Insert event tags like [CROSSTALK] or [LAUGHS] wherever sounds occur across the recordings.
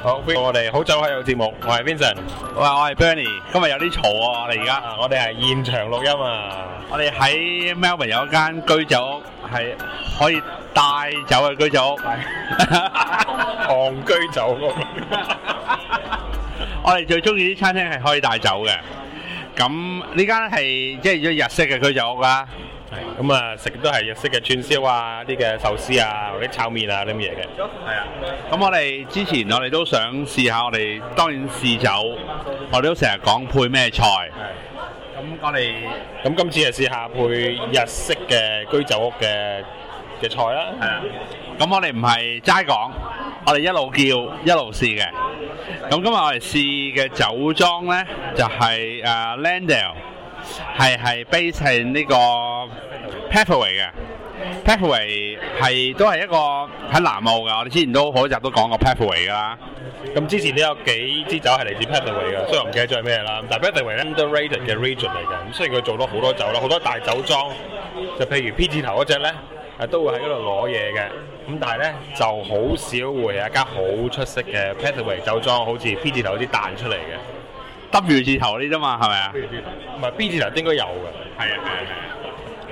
好，我哋好早喺度節目，我係 Vincent，我係我係 Bernie，今日有啲嘈啊，我哋而家，我哋係現場錄音啊，我哋喺 Melbourne 有一間居酒屋，係可以帶酒嘅居酒屋，係，戇居酒屋咁，我哋最中意啲餐廳係可以帶酒嘅，咁呢間係即係一種日式嘅居酒屋啦。咁啊，食都係日式嘅串燒啊，啲嘅壽司啊，或者炒麵啊啲咁嘢嘅。係啊。咁我哋之前我哋都想試下，我哋當然試酒，我哋都成日講配咩菜。係。咁我哋咁今次就試下配日式嘅居酒屋嘅嘅菜啦。係啊。咁我哋唔係齋講，我哋一路叫一路試嘅。咁今日我哋試嘅酒莊咧，就係誒 Landaire，係，係 based in 呢個。Padthaway 嘅 Padthaway 係都係一個喺南澳噶，我哋之前都好多集都講過 Padthaway 噶啦。咁之前都有幾支酒係嚟自 Padthaway 噶，雖然我唔記得咗係咩啦。但 Padthaway 咧，underrated 嘅 region 嚟嘅。咁雖然佢做咗好多酒啦，好多大酒莊，就譬如 P 字頭嗰隻咧，誒都會喺嗰度攞嘢嘅。咁但係咧就好少會有一間好出色嘅 Padthaway 酒莊，好似 P 字頭嗰啲彈出嚟嘅。W 字頭嗰啲啫嘛，係咪啊？W 字頭唔係 P 字頭應該有嘅。係啊，係啊，係啊。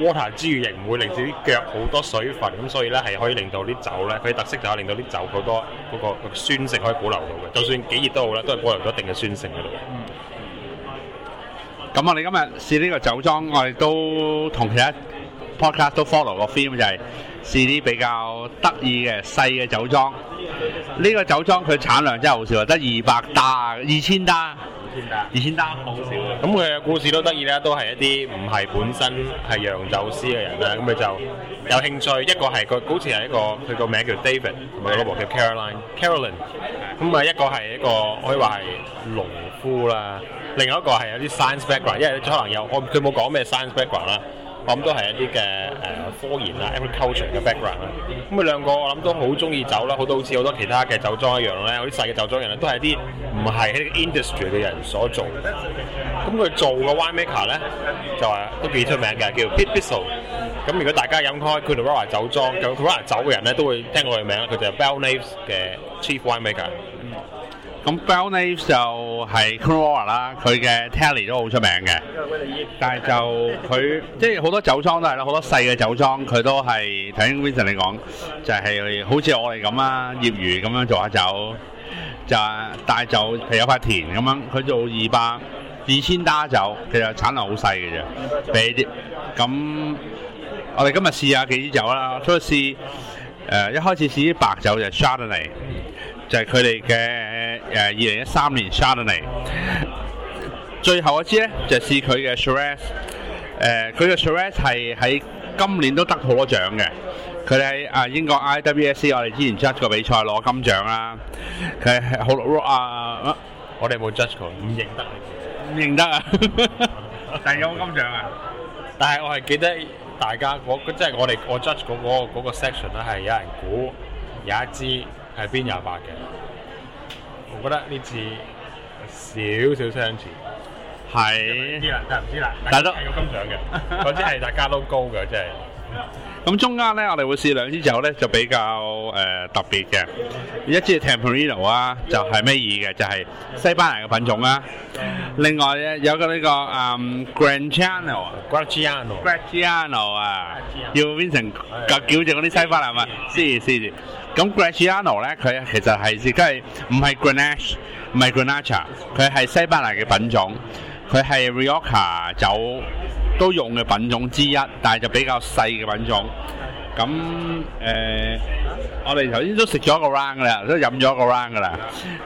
water 之餘亦唔會令自己腳好多水分，咁所以咧係可以令到啲酒咧，佢特色就係令到啲酒好多嗰個酸性可以保留到嘅。就算幾熱都好啦，都係保留咗一定嘅酸性嘅。咁、嗯、我哋今日試呢個酒莊，我哋都同其他 podcast 都 follow 個 film 就係試啲比較得意嘅細嘅酒莊。呢、呢個酒莊佢產量真係好少，得二百打、二千打。以前得好少啊！咁佢嘅故事都得意啦，都係一啲唔係本身係釀酒師嘅人啦，咁佢就有興趣。一個係佢好似係一個佢個名叫 David，同埋有個模特 Caroline，Caroline。咁啊一個係一個可以話係農夫啦，另一個係有啲 science background，因為可能有佢冇講咩 science background 啦。我諗都係一啲嘅誒科研啦，agriculture 嘅 background 啦。咁佢兩個我諗都好中意酒啦，好多好似好多其他嘅酒莊一樣咧，有啲細嘅酒莊人咧都係啲唔係喺 industry 嘅人所做。咁佢做嘅 winemaker 咧就話都幾出名嘅，叫做 Pete Bissell。咁如果大家飲開佢哋 Coonawarra 酒莊，咁 Coonawarra 酒嘅人咧都會聽過佢名，佢就係 Balnaves 嘅 chief winemaker。咁 Belle Naves 就係 Coonawarra 啦，佢嘅 Tally 都好出名嘅。但係就佢即係好多酒莊都係啦，好多細嘅酒莊佢都係，睇緊 Vincent 嚟講就係好似我哋咁啦，業餘咁樣做下酒就，但係就譬如有塊田咁樣，佢做二百二千打酒，其實產量好細嘅啫，俾啲。咁我哋今日試下幾支酒啦，都試誒一開始試啲白酒就 Chardonnay，就係佢哋嘅。誒，二零一三年 Chardonnay 最後一支咧就試佢嘅 Shiraz 誒，佢、uh, 嘅 Shiraz 係喺今年都得好多獎嘅，佢哋喺啊英國 IWSC 我哋之前 judge 個比賽攞金獎啦，佢係好啊， [LAUGHS] 啊啊我哋冇 judge 過，唔認得你，唔認得啊，第個金獎啊，但係我係記得大家我即係我哋我 judge 嗰、那個、那個 section 咧係有人估有一支係邊廿八嘅。我覺得呢次少少相似，係。唔知啦，但係唔知啦，但係都係個金獎嘅，嗰支係大家都高嘅，真係。咁中間咧，我哋會試兩支酒咧，就比較誒特別嘅。一支 Tempranillo 啊，就係咩意嘅？就係西班牙嘅品種啊。另外咧，有個呢個啊，Graciano 啊，Graciano，Graciano 啊，要變成叫住嗰啲西班牙嘛？試住，試住。咁 Graciano 咧，佢其實係即係唔係 Grenache，唔係 Grenache，佢係西班牙嘅品種，佢係 Rioja 酒都用嘅品種之一，但係就比較細嘅品種。咁誒，我哋頭先都食咗一個 round 噶啦，都飲咗個 round 噶啦。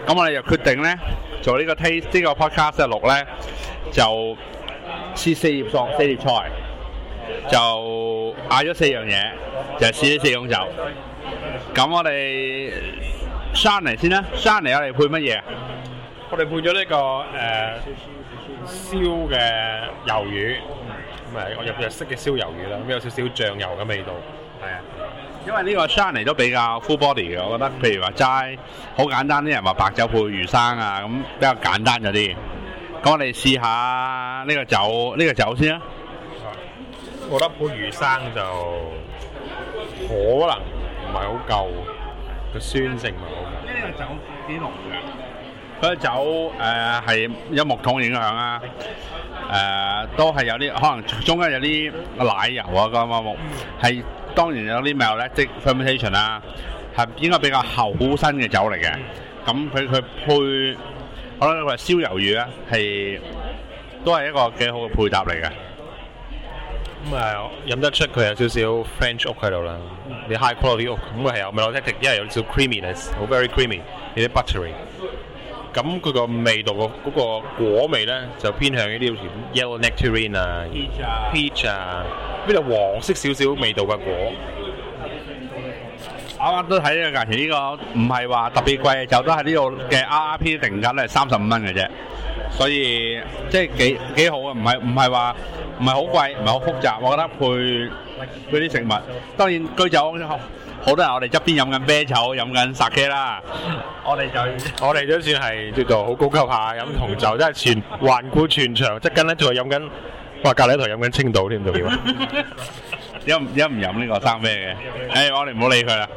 咁我哋就決定咧，做呢個 taste 呢個 podcast 錄咧，就試四碟餸，四碟菜，就嗌咗四樣嘢，就試咗四種酒。咁我哋 Chardy 先啦，Chardy 我哋配乜嘢？我哋配咗呢個誒，燒嘅魷魚，咁啊，我日日式嘅燒魷魚啦，咁有少少醬油嘅味道，係啊。因為呢個 Chardy 都比較 full body 嘅，我覺得譬如話齋好簡單，啲人話白酒配魚生啊，咁比較簡單咗啲。咁我哋試下呢個酒，呢個酒先啦。我覺得配魚生就可能。唔係好夠，個酸性唔係好夠。呢個酒幾濃嘅？佢酒誒係有木桶影響啊！誒都係有啲可能中間有啲奶油啊，嗰啲咁。係當然有啲咩咧，即 fermentation 啊，係應該比較厚身嘅酒嚟嘅。咁佢佢配可能話燒魷魚咧，係都係一個幾好嘅配搭嚟嘅。咁啊，飲得出佢有少少 Frenchoak 喺度啦，啲 high qualityoak 咁啊係，我咪落去食，因為有少少 creaminess 咧，好 very creamy，有啲 buttery。咁佢個味道個嗰個果味咧，就偏向一啲 yellow nectarine 啊，peach 啊，呢度黃色少少味道嘅果。啱啱都睇咗呢個價錢，呢個，唔係話特別貴，就都喺呢度嘅 RRP 定價咧，三十五蚊嘅啫。所以即係幾幾好啊！唔係唔係話唔係好貴，唔係好複雜。我覺得配配啲食物，當然居酒屋好多人我哋側邊飲緊啤酒，飲緊 Sake 啦。我哋就我哋都算係叫做好高級下飲紅酒，真係全環顧全場。側跟咧仲係飲緊，哇！隔離台飲緊青島添，仲要啊！一唔一唔飲呢個生咩嘅誒，我哋唔好理佢啦。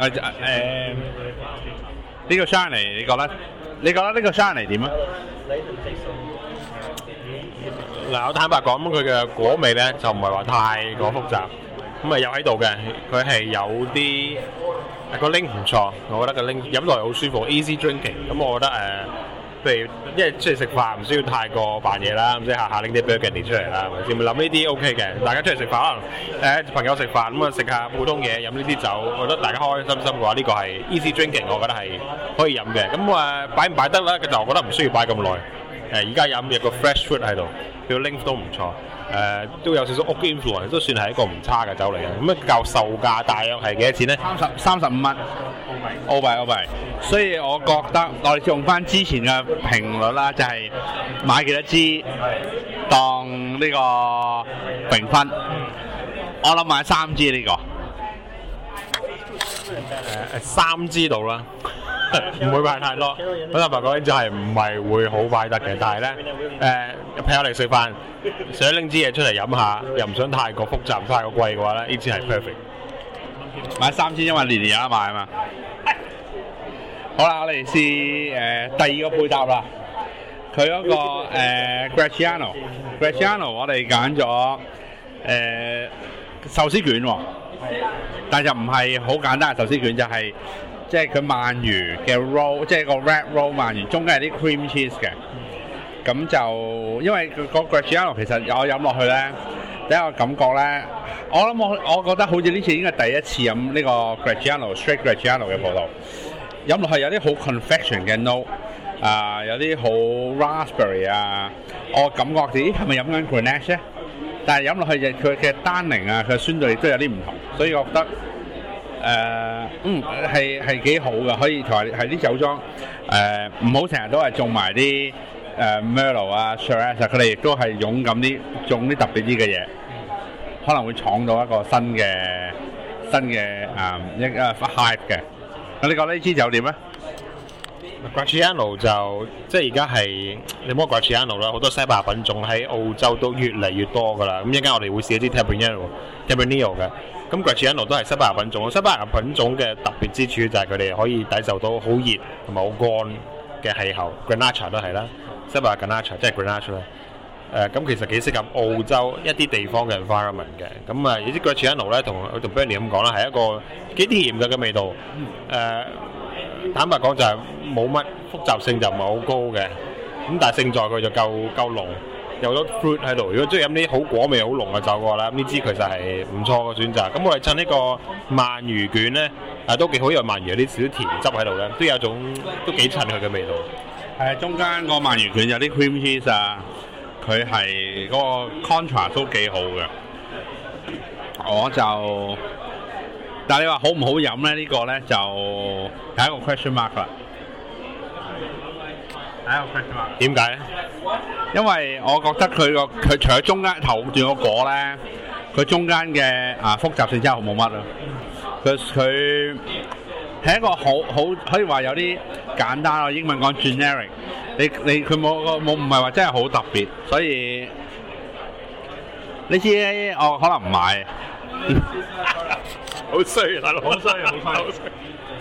誒誒，呢個 Shiraz 你覺得？你覺得呢個 Shiraz 點啊？嗱，我坦白講，咁佢嘅果味咧就唔係話太過複雜，咁啊有喺度嘅，佢係有啲個拎唔錯，我覺得個拎飲落嚟好舒服，easy drinking，咁我覺得誒。呃譬如，一係出嚟食飯唔需要太過扮嘢啦，咁即係下下拎啲 burger 出嚟啦，咁樣諗呢啲 O K 嘅。大家出嚟食飯，可能誒朋友食飯咁啊，食、嗯、下普通嘢，飲呢啲酒，我覺得大家開開心心嘅話，呢、這個係 easy drinking，我覺得係可以飲嘅。咁、嗯、啊，擺唔擺得其實我覺得唔需要擺咁耐。誒、呃，而家飲有個 fresh fruit 喺度，佢、這個、link 都唔錯。誒都有少少屋基味，都算係一個唔差嘅酒嚟嘅。咁咧，舊售價大約係幾多錢咧？三十三十五蚊，澳幣，澳幣。所以，我覺得我哋用翻之前嘅評率啦，就係買幾多支當呢個評分。我諗買三支呢個，三支度啦。唔會買太多，咁坦白講呢，嗰啲就係唔係會好快得嘅。但係咧，誒朋友嚟食飯，想拎支嘢出嚟飲下，又唔想太過複雜、太過貴嘅話咧，呢支係 perfect。買三千，因為年年有得買啊嘛。好啦，我哋試誒第二個配搭啦。佢嗰個誒 Graciano，Graciano，我哋揀咗誒壽司卷喎，但係就唔係好簡單壽司卷，就係。即係佢鰻魚嘅 roll，即係個 red roll 鰻魚，中間有啲 cream cheese 嘅。咁就因為佢嗰個 Graciano，其實我飲落去咧，第一個感覺咧，我諗我我覺得好似呢次應該係第一次飲呢個 Graciano，straight Graciano 嘅葡萄酒。飲落去有啲好 confection 嘅 note，啊有啲好 raspberry 啊，我感覺咦係咪飲緊 Grenache 咧？但係飲落去就佢嘅單寧啊，佢嘅酸度亦都有啲唔同，所以我覺得。誒，嗯，係係幾好嘅，可以台喺啲酒莊誒，唔好成日都係種埋啲誒 Merlot 啊，Shiraz 啊，其實佢哋亦都係勇敢啲種啲特別啲嘅嘢，可能會闖到一個新嘅新嘅啊一啊 style 嘅。咁你覺得呢支酒點咧？Graciano 就即係而家係你唔好講 Graciano 啦，好多西班牙品種喺澳洲都越嚟越多噶啦。咁一陣間我哋會試一啲 Tempranillo Tempranillo 嘅。咁 Graciano 都係西班牙品種，西班牙品種嘅特別之處就係佢哋可以抵受到好熱同埋好乾嘅氣候，Granacha 都係啦，西班牙 Granacha 即係 Granacha。誒，咁其實幾適合澳洲一啲地方嘅 environment 嘅。咁啊，依啲 Graciano 咧同同 Benny 咁講啦，係一個幾甜嘅嘅味道。誒，坦白講就係冇乜複雜性，就唔係好高嘅。咁但係勝在佢就夠夠濃。有咗 fruit 喺度，如果中意飲啲好果味好濃嘅酒嘅話咧，咁呢支其實係唔錯嘅選擇。咁我哋襯呢個鰻魚卷咧，啊都幾好，因為鰻魚有啲少甜汁喺度咧，都有種都幾襯佢嘅味道。係啊，中間個鰻魚卷有啲 cream cheese 啊，佢係嗰個 contrast 都幾好嘅。我就，但係你話好唔好飲咧？呢個咧就係一個 question mark 啊。點解咧？因為我覺得佢個佢除咗中間頭轉個果咧，佢中間嘅啊複雜性之後冇乜咯。佢佢係一個好好可以話有啲簡單咯。英文講 generic，你你佢冇冇唔係話真係好特別，所以你知我可能唔買。好衰大佬！好衰！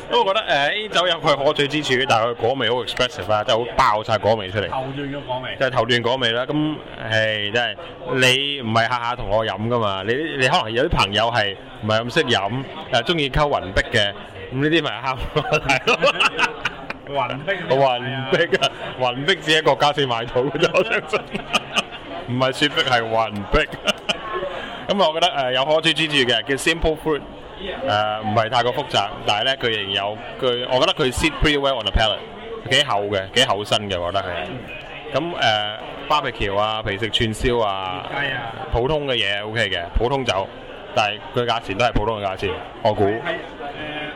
都覺得誒 A 酒有佢可取之處，但佢果味好 expressive 啊，真係好爆曬果味出嚟。頭段嘅果味。就係頭段果味啦，咁誒真係你唔係下下同我飲噶嘛？你你可能有啲朋友係唔係咁識飲，誒中意溝雲碧嘅，咁呢啲咪喊咯，雲碧，雲碧啊，雲碧只喺國家先買到嘅啫，我相信，唔係雪碧係雲碧。咁我覺得誒有可取之處嘅，叫 Simple Fruit。誒，唔係太過複雜，但係咧佢仍有佢，我覺得佢 sit pretty well on the palate，幾厚嘅，幾厚身嘅，我覺得係。咁誒，barbecue 啊，譬如食串燒啊，普通嘅嘢，OK 嘅，普通酒，但係佢價錢都係普通嘅價錢，我估誒，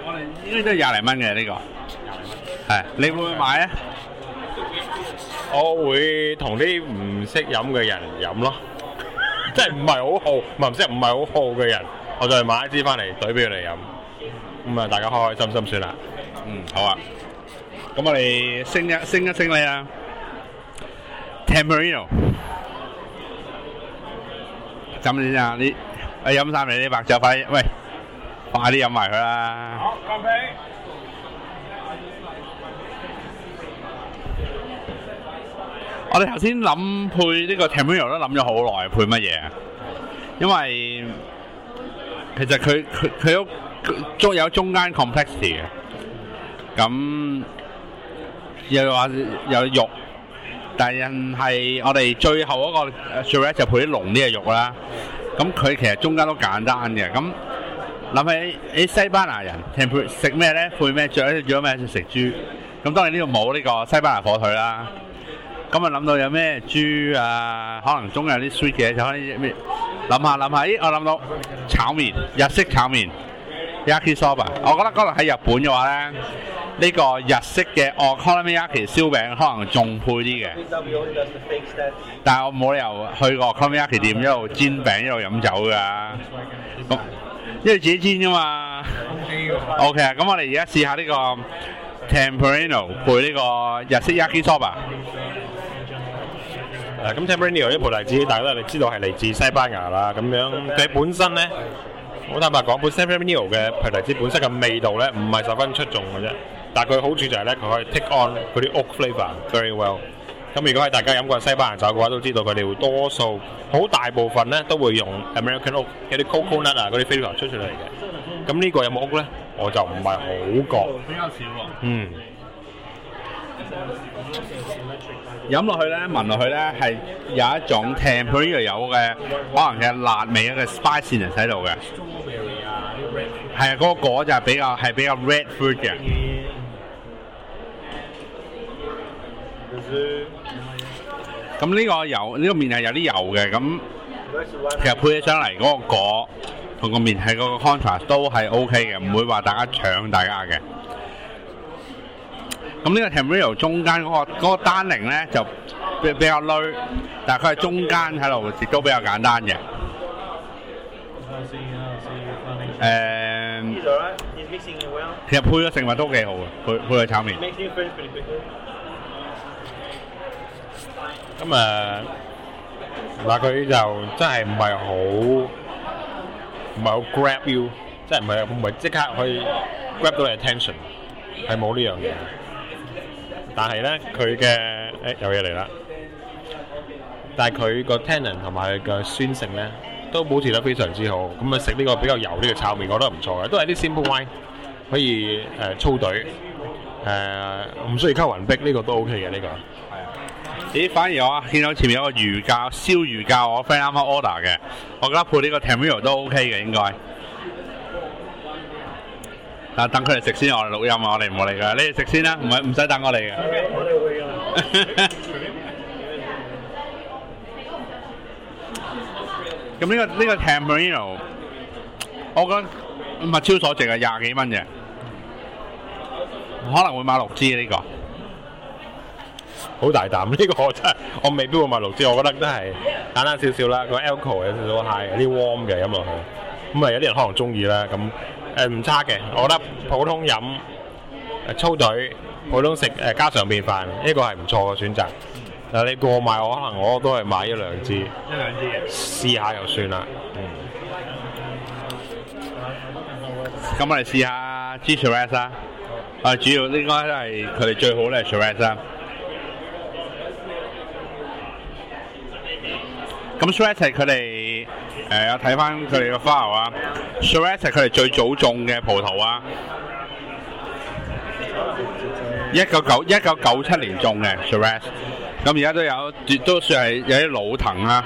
我哋應該都係廿零蚊嘅呢個，係你會唔會買啊？我會同啲唔識飲嘅人飲咯，即係唔係好好，唔識唔係好好嘅人。我再買一支翻嚟兌俾佢嚟飲，咁啊大家開開心心算啦。嗯，好啊。咁我哋升一升一升你啊，Tempranillo。飲啲啊，你啊飲晒你啲白酒快，喂，快啲飲埋佢啦。好，乾杯。我哋頭先諗配呢個 Tempranillo 都諗咗好耐，配乜嘢？因為其實佢佢佢屋都有中間 complexity 嘅，咁又話有肉，但係我哋最後嗰個 Shiraz 就配啲濃啲嘅肉啦。咁佢其實中間都簡單嘅。咁諗起啲西班牙人，食咩咧？配咩？著咗做咗咩？食豬。咁當然呢度冇呢個西班牙火腿啦。咁啊諗到有咩豬啊？可能中間有啲 sweet 嘅，就可能咩？諗下諗下，咦！我諗到炒麵，日式炒麵，yakisoba。我覺得可能喺日本嘅話咧，呢個日式嘅哦，okonomiyaki 燒餅可能仲配啲嘅。但係我冇理由去個 okonomiyaki 店一路煎餅一路飲酒㗎，因為自己煎㗎嘛。OK 啊，咁我哋而家試下呢個 Tempranillo 配呢個日式 yakisoba。誒咁 Tempranillo 啲葡提子，大家都知道係嚟自西班牙啦咁樣。佢本身咧，好坦白講，本 Tempranillo 嘅葡提子本身嘅味道咧，唔係十分出眾嘅啫。但係佢好處就係咧，佢可以 take on 佢啲 Oak flavour very well。咁如果係大家飲過西班牙酒嘅話，都知道佢哋會多數好大部分咧，都會用 American Oak 有啲 coconut 啊嗰啲 flavour 出出嚟嘅。咁呢個有冇 Oak 咧？我就唔係好覺。比較少喎。嗯。飲落去咧，聞落去咧，係有一種 Tempranillo 有嘅，可能係辣味一個 spicy 人喺度嘅。係 [NOISE] 啊，嗰、那個果就比較係比較 Red Fruit 嘅。咁呢 [NOISE] 個油呢、這個麵係有啲油嘅，咁其實配起上嚟嗰個果同個麵係個 Contrast 都係 OK 嘅，唔會話大家搶大家嘅。咁呢個 Tempranillo 中間嗰個嗰個單寧咧就比比較 low，但係佢係中間喺度亦都比較簡單嘅。誒，其實配嘅食物都幾好嘅，配配個炒麪。咁啊，嗱佢就真係唔係好唔係好 grab you，即係唔係唔係即刻可以 grab 到你 attention，係冇呢樣嘢。但係咧，佢嘅誒有嘢嚟啦！但係佢個 tannin 同埋佢嘅酸性咧，都保持得非常之好。咁啊，食呢個比較油啲嘅炒麵，我覺得唔錯嘅，都係啲 simple wine 可以誒粗隊誒，唔需要溝雲壁呢個都 OK 嘅呢個。係啊，咦？反而我見到前面有個魚架燒魚架，我 friend 啱啱 order 嘅，我覺得配呢個 Tempranillo 都 OK 嘅應該。啊！等佢哋食先，我哋錄音啊！我哋唔嚟噶，你哋食先啦，唔係唔使等我嚟嘅。我哋會嘅。咁呢個呢個 Tempranillo，我覺得物超所值啊，廿幾蚊嘅，可能會買六支嘅呢個。好大膽，呢個真係我未必會買六支，我覺得真係簡單少少啦。個 Alcohol 有少少 high，有啲 warm 嘅飲落去，咁啊有啲人可能中意啦，咁。誒唔差嘅，我覺得普通飲粗腿，普通食誒家常便飯，呢個係唔錯嘅選擇。但係，你過埋我，可能我都係買一兩支，一兩支嘅，試下就算啦。嗯。咁我哋試下，Shiraz 啦。啊，主要應該都係佢哋最好咧，係 Shiraz 啦。咁 Shiraz 係佢哋，誒有睇翻佢哋嘅花啊，Shiraz 係佢哋最早種嘅葡萄啊，一九九一九九七年種嘅 Shiraz，咁而家都有，都算係有啲老藤啦。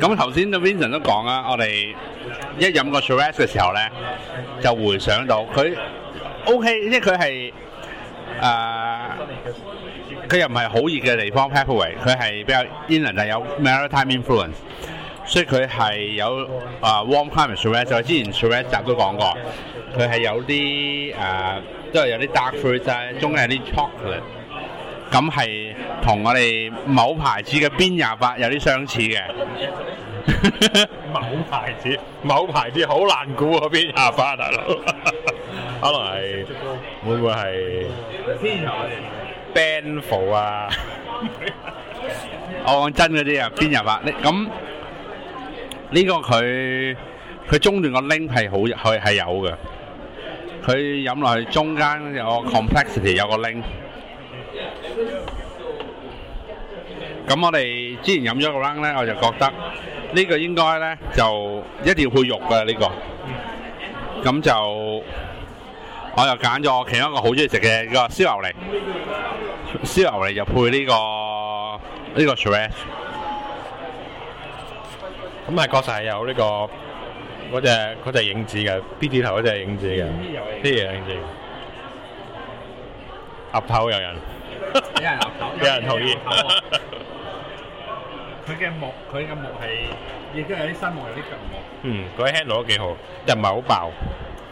咁頭先 Vincent 都講啦，我哋一飲過 Shiraz 嘅時候咧，就回想到佢 OK，即係佢係啊。佢又唔係好熱嘅地方，Padthaway 佢係比較 inland，有 maritime influence，所以佢係有啊 warm climate Shiraz。就係之前 Shiraz 集都講過，佢係有啲誒，即係有啲 dark fruits 啊，中間有啲 chocolate，咁係同我哋某牌子嘅邊廿八有啲相似嘅。某牌子，某牌子好難估啊！邊廿八大佬，可能係會唔會係？Beneful 啊，我講真嗰啲啊，邊入啊？你咁呢個佢佢中段個 link 係好，佢係有嘅。佢飲落去中間有個 complexity，有個 link。咁我哋之前飲咗個 round 咧，我就覺得呢個應該咧就一定要夾肉嘅呢個，咁就。我又揀咗我其中一個好中意食嘅，個燒牛脷，燒牛脷就配呢個呢個 tray，咁係確實係有呢個嗰隻嗰隻影子嘅，B 字頭嗰隻影子嘅，啲嘢影子，鴨頭有人，有人鴨頭，有人討厭，佢嘅木佢嘅木係亦都有啲新木，有啲舊木，嗯，佢喺攞幾好，又唔係好爆。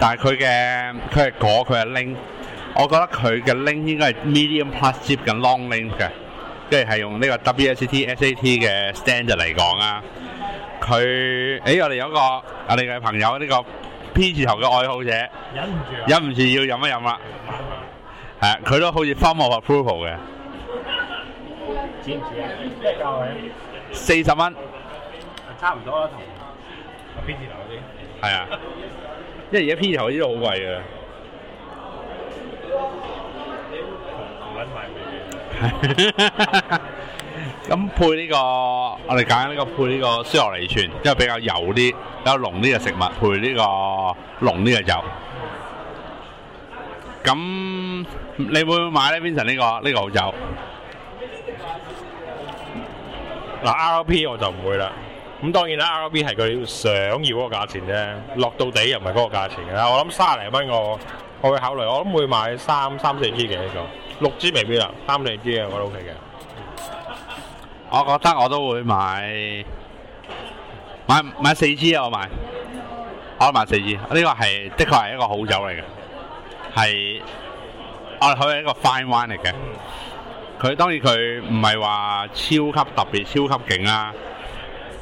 但係佢嘅佢係果，佢係 length。我覺得佢嘅 length 應該係 medium plus zip 跟 longlength 嘅，跟住係用呢個 WSET SAT 嘅 standard 嚟講啊。佢，誒，我哋有個我哋嘅朋友呢個 P 字頭嘅愛好者，忍唔住，忍唔住要飲一飲啦。係啊，佢都好似 form of approval 嘅。幾唔止啊？即係價位四十蚊，差唔多啦，同 P 字頭嗰啲係啊。因為而家披油嗰啲都好貴嘅，咁配呢個我哋揀呢個配呢個西落嚟串，因為比較油啲、比較濃啲嘅食物配呢個濃啲嘅酒。咁你會唔會買咧？Vincent 呢個呢個好酒，嗱 R O P 我就唔會啦。咁當然啦，R V 係佢想要嗰個價錢啫，落到底又唔係嗰個價錢嘅啦。我諗卅零蚊，我我會考慮，我諗會買三三四支嘅，呢個六支未必啦，三四支嘅我都 OK 嘅。我覺得我都會買，買買四支我買，我買四支。呢個係的確係一個好酒嚟嘅，係我係一個 fine wine 嚟嘅。佢當然佢唔係話超級特別、超級勁啦。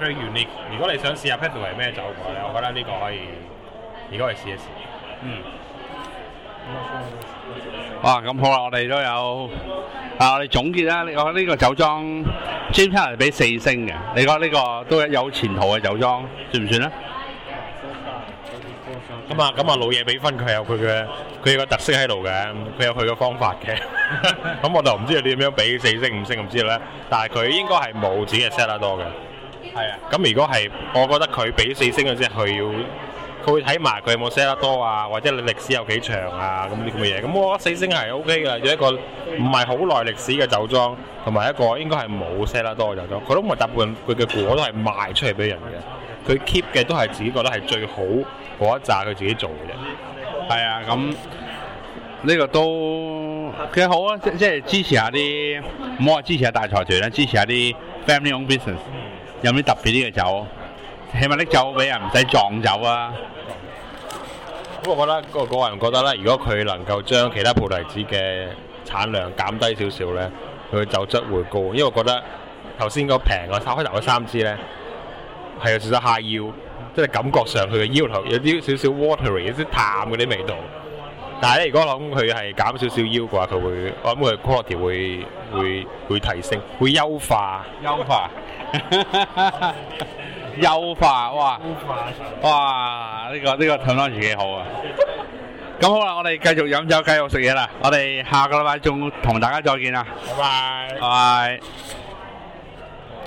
very unique。如果你想試下 Petrol 係咩酒嘅話咧，我覺得呢個可以，如果可以試一試，嗯。哇，咁好啦，我哋都有啊！我哋總結啦，你覺得呢個酒莊 Jameson 係俾四星嘅，你覺得呢個都有前途嘅酒莊，算唔算咧？咁啊，咁啊，老嘢俾分佢有佢嘅，佢有特色喺度嘅，佢有佢嘅方法嘅。咁我就唔知你點樣俾四星五星唔知咧，但係佢應該係冇自己嘅 set 得多嘅。係啊，咁如果係，我覺得佢俾四星嘅啫，佢要佢會睇埋佢有冇 set 得多啊，或者歷史有幾長啊，咁啲咁嘅嘢。咁我覺得四星係 O K 噶，一個唔係好耐歷史嘅酒莊，同埋一個應該係冇 set 得多嘅酒莊。佢都唔係大部分，佢嘅果都係賣出嚟俾人嘅，佢 keep 嘅都係自己覺得係最好嗰一紮佢自己做嘅啫。係啊，咁呢個都佢好啊，即係支持下啲，唔好話支持下大財團啦，支持下啲 family-owned business。有咩特別啲嘅酒，起碼啲酒俾人唔使撞酒啊！不過我覺得，個人覺得咧，如果佢能夠將其他葡提子嘅產量減低少少咧，佢嘅酒質會高。因為我覺得頭先個平，個開頭嗰三支咧，係有少少下腰，即係感覺上佢嘅腰頭有啲少少 watery，有啲淡嗰啲味道。但係咧，如果我諗佢係減少少腰嘅話，佢會，我諗佢 quality 會會會，會提升，會優化。優優化。優 [LAUGHS] 化，哇！哇！呢、這個呢、這個討論節幾好啊！咁 [LAUGHS] [LAUGHS] 好啦，我哋繼續飲酒，繼續食嘢啦！我哋下個禮拜仲同大家再見拜拜拜。拜。Bye bye.